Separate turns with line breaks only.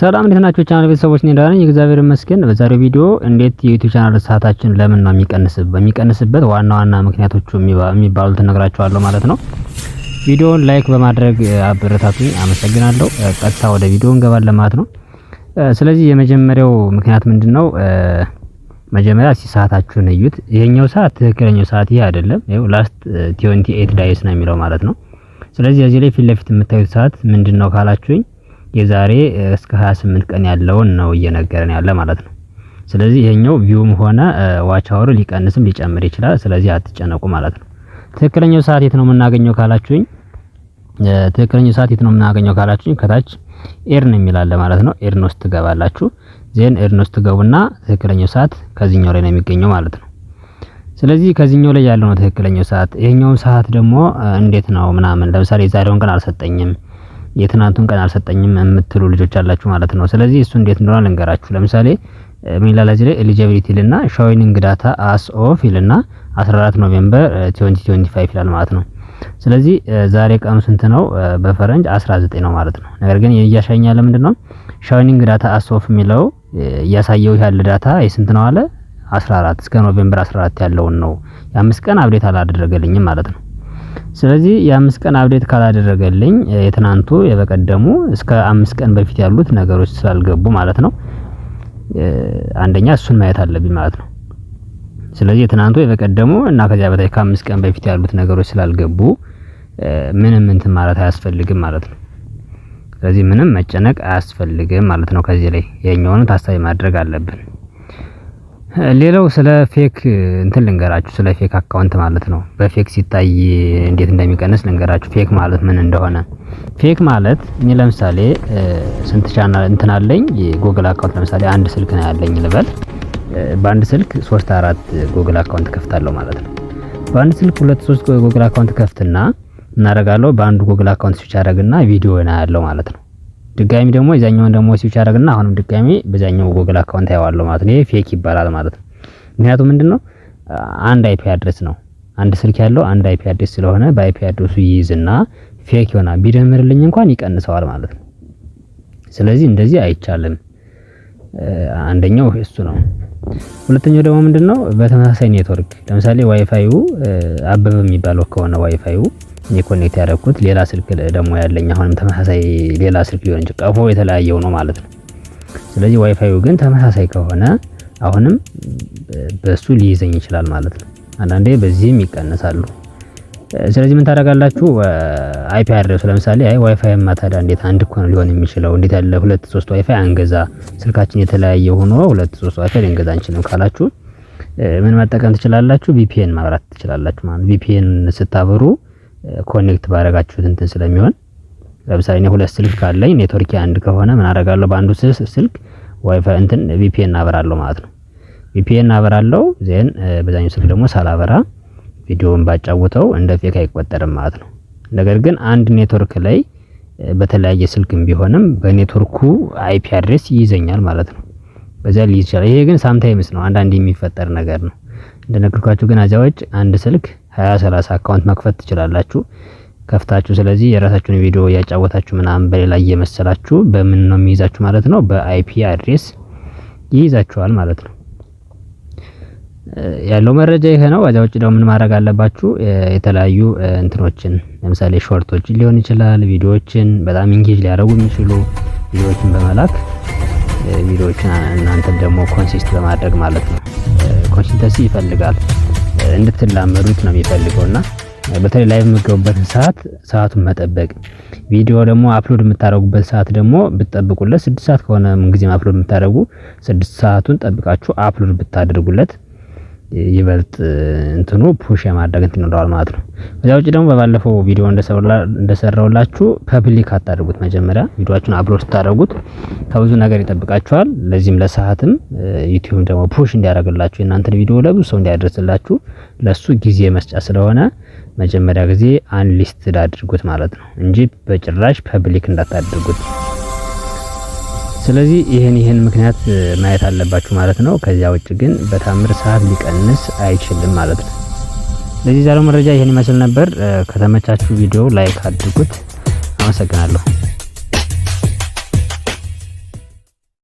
ሰላም እንዴት ናችሁ? ቻናል ቤተሰቦች እኔ ደህና ነኝ፣ እግዚአብሔር ይመስገን። በዛሬው ቪዲዮ እንዴት የዩቲዩብ ቻናል ሰዓታችን ለምን ነው የሚቀንስበት የሚቀንስበት ዋና ዋና ምክንያቶቹ የሚባሉትን እነግራችኋለሁ ማለት ነው። ቪዲዮውን ላይክ በማድረግ አበረታቱኝ፣ አመሰግናለሁ። ቀጥታ ወደ ቪዲዮ እንገባለን ማለት ነው። ስለዚህ የመጀመሪያው ምክንያት ምንድነው? መጀመሪያ እስቲ ሰዓታችሁን እዩት። ይሄኛው ሰዓት ትክክለኛው ሰዓት ይሄ አይደለም። ይኸው ላስት 28 ዳይስ ነው የሚለው ማለት ነው። ስለዚህ እዚህ ላይ ፊት ለፊት የምታዩት ሰዓት ምንድነው ካላችሁኝ የዛሬ እስከ 28 ቀን ያለውን ነው እየነገረን ያለ ማለት ነው። ስለዚህ ይሄኛው ቪውም ሆነ ዋች ሊቀንስም ሊጨምር ይችላል። ስለዚህ አትጨነቁ ማለት ነው። ትክክለኛው ሰዓት የት ነው የምናገኘው ካላችሁኝ፣ ትክክለኛው ሰዓት የት ነው የምናገኘው ካላችሁኝ፣ ከታች ኤርን የሚላለ ማለት ነው። ኤርን ውስጥ ትገባላችሁ። ዜን ኤርን ውስጥ ትገቡና ትክክለኛው ሰዓት ከዚህኛው ላይ ነው የሚገኘው ማለት ነው። ስለዚህ ከዚህኛው ላይ ያለው ነው ትክክለኛው ሰዓት። ይሄኛው ሰዓት ደግሞ እንዴት ነው ምናምን፣ ለምሳሌ የዛሬውን ቀን አልሰጠኝም የትናንቱን ቀን አልሰጠኝም የምትሉ ልጆች አላችሁ ማለት ነው። ስለዚህ እሱ እንዴት እንደሆነ ልንገራችሁ። ለምሳሌ ሚላ ላይ ኤሊጂቢሊቲ ልና ሾዊንግ ዳታ አስ ኦፍ ይልና 14 ኖቬምበር 2025 ይላል ማለት ነው። ስለዚህ ዛሬ ቀኑ ስንት ነው? በፈረንጅ 19 ነው ማለት ነው። ነገር ግን እያሻኛ ለምንድን ነው ሻይኒንግ ዳታ አስ ኦፍ የሚለው እያሳየው ያለ ዳታ የስንት ነው አለ 14 እስከ ኖቬምበር 14 ያለውን ነው። የአምስት ቀን አብዴት አላደረገልኝም ማለት ነው። ስለዚህ የአምስት ቀን አብዴት ካላደረገልኝ የትናንቱ የበቀደሙ እስከ አምስት ቀን በፊት ያሉት ነገሮች ስላልገቡ ማለት ነው። አንደኛ እሱን ማየት አለብኝ ማለት ነው። ስለዚህ የትናንቱ የበቀደሙ እና ከዚያ በታች ከአምስት ቀን በፊት ያሉት ነገሮች ስላልገቡ ምንም እንትን ማለት አያስፈልግም ማለት ነው። ስለዚህ ምንም መጨነቅ አያስፈልግም ማለት ነው። ከዚህ ላይ የኛውን ታሳቢ ማድረግ አለብን። ሌላው ስለ ፌክ እንትን ልንገራችሁ ስለ ፌክ አካውንት ማለት ነው። በፌክ ሲታይ እንዴት እንደሚቀንስ ልንገራችሁ። ፌክ ማለት ምን እንደሆነ። ፌክ ማለት እኔ ለምሳሌ ስንት ቻናል እንትን አለኝ የጎግል አካውንት ለምሳሌ አንድ ስልክ ነው ያለኝ ልበል። በአንድ ስልክ ሶስት አራት ጎግል አካውንት ከፍታለሁ ማለት ነው። በአንድ ስልክ ሁለት ሶስት ጎግል አካውንት ከፍትና እናደርጋለሁ። በአንዱ ጎግል አካውንት ብቻ አደረግና ቪዲዮ ነው ያለው ማለት ነው። ድጋሚ ደግሞ የዛኛውን ደግሞ ሲውች አደረግና አሁንም ድጋሚ በዛኛው ጎግል አካውንት አየዋለሁ ማለት ነው። ይሄ ፌክ ይባላል ማለት ነው። ምክንያቱም ምንድነው አንድ አይፒ አድረስ ነው። አንድ ስልክ ያለው አንድ አይፒ አድረስ ስለሆነ በአይፒ አድረሱ ይይዝና ፌክ ይሆናል። ቢደምርልኝ እንኳን ይቀንሰዋል ማለት ነው። ስለዚህ እንደዚህ አይቻልም። አንደኛው እሱ ነው። ሁለተኛው ደግሞ ምንድነው በተመሳሳይ ኔትወርክ ለምሳሌ ዋይፋዩ አበበ የሚባለው ከሆነ ዋይፋዩ የኮኔክት ያደረኩት ሌላ ስልክ ደግሞ ያለኝ አሁንም ተመሳሳይ ሌላ ስልክ ሊሆን እንጂ ቀፎ የተለያየው ነው ማለት ነው። ስለዚህ ዋይፋዩ ግን ተመሳሳይ ከሆነ አሁንም በሱ ሊይዘኝ ይችላል ማለት ነው። አንዳንዴ በዚህም ይቀነሳሉ። ስለዚህ ምን ታደርጋላችሁ? አይፒ አድረሱ ለምሳሌ አይ ዋይፋይ ማታዳ እንዴት አንድ እኮ ነው ሊሆን የሚችለው እንዴት ያለ ሁለት ሶስት ዋይፋይ አንገዛ ስልካችን የተለያየ ሆኖ ሁለት ሶስት ዋይፋይ ልንገዛ አንችልም ካላችሁ ምን መጠቀም ትችላላችሁ? ቪፒኤን ማብራት ትችላላችሁ ማለት ቪፒኤን ስታበሩ ኮኔክት ባረጋችሁት እንትን ስለሚሆን ለምሳሌ እኔ ሁለት ስልክ ካለኝ ኔትወርክ አንድ ከሆነ ምን አረጋለሁ? በአንዱ ስልክ ዋይፋይ እንትን ቪፒኤን አበራለሁ ማለት ነው። ቪፒኤን አበራለሁ ዜን በዛኛው ስልክ ደግሞ ሳላበራ ቪዲዮውን ባጫውተው እንደ ፌክ አይቆጠርም ማለት ነው። ነገር ግን አንድ ኔትወርክ ላይ በተለያየ ስልክም ቢሆንም በኔትወርኩ አይፒ አድሬስ ይይዘኛል ማለት ነው። በዛ ሊይዝ ይችላል። ይሄ ግን ሳምታይምስ ነው፣ አንዳንድ የሚፈጠር ነገር ነው። እንደነገርኳችሁ ግን አዚያዎች አንድ ስልክ ሀያ ሰላሳ አካውንት መክፈት ትችላላችሁ ከፍታችሁ ስለዚህ የራሳችሁን ቪዲዮ ያጫወታችሁ ምናምን በሌላ እየመሰላችሁ በምን ነው የሚይዛችሁ ማለት ነው። በአይፒ አድሬስ ይይዛችኋል ማለት ነው። ያለው መረጃ ይሄ ነው። ከዛ ውጭ ደግሞ ምን ማድረግ አለባችሁ? የተለያዩ እንትኖችን ለምሳሌ ሾርቶችን ሊሆን ይችላል፣ ቪዲዮዎችን በጣም ኢንጌጅ ሊያደርጉ የሚችሉ ቪዲዮዎችን በመላክ ቪዲዮዎችን እናንተን ደግሞ ኮንሲስት በማድረግ ማለት ነው። ኮንሲስተንሲ ይፈልጋል። እንድትላመዱት ነው የሚፈልገው እና በተለይ ላይ የምትገቡበትን ሰዓት ሰዓቱን መጠበቅ ቪዲዮ ደግሞ አፕሎድ የምታደርጉበት ሰዓት ደግሞ ብትጠብቁለት ስድስት ሰዓት ከሆነ ምንጊዜም አፕሎድ የምታደርጉ ስድስት ሰዓቱን ጠብቃችሁ አፕሎድ ብታደርጉለት ይበልጥ እንትኑ ፑሽ የማድረግ እንትን ይኖረዋል ማለት ነው። ከዛ ውጭ ደግሞ በባለፈው ቪዲዮ እንደሰራውላችሁ ፐብሊክ አታደርጉት መጀመሪያ ቪዲዮአችሁን አፕሎድ ስታደርጉት ከብዙ ነገር ይጠብቃችኋል። ለዚህም ለሰዓትም ዩቲዩብ ደግሞ ፑሽ እንዲያደርግላችሁ የእናንተን ቪዲዮ ለብዙ ሰው እንዲያደርስላችሁ ለሱ ጊዜ መስጫ ስለሆነ መጀመሪያ ጊዜ አንሊስትድ አድርጉት ማለት ነው እንጂ በጭራሽ ፐብሊክ እንዳታደርጉት። ስለዚህ ይህን ይህን ምክንያት ማየት አለባችሁ ማለት ነው። ከዚያ ውጭ ግን በታምር ሰዓት ሊቀንስ አይችልም ማለት ነው። ለዚህ ዛሬው መረጃ ይህን ይመስል ነበር። ከተመቻችሁ ቪዲዮ ላይክ አድርጉት። አመሰግናለሁ።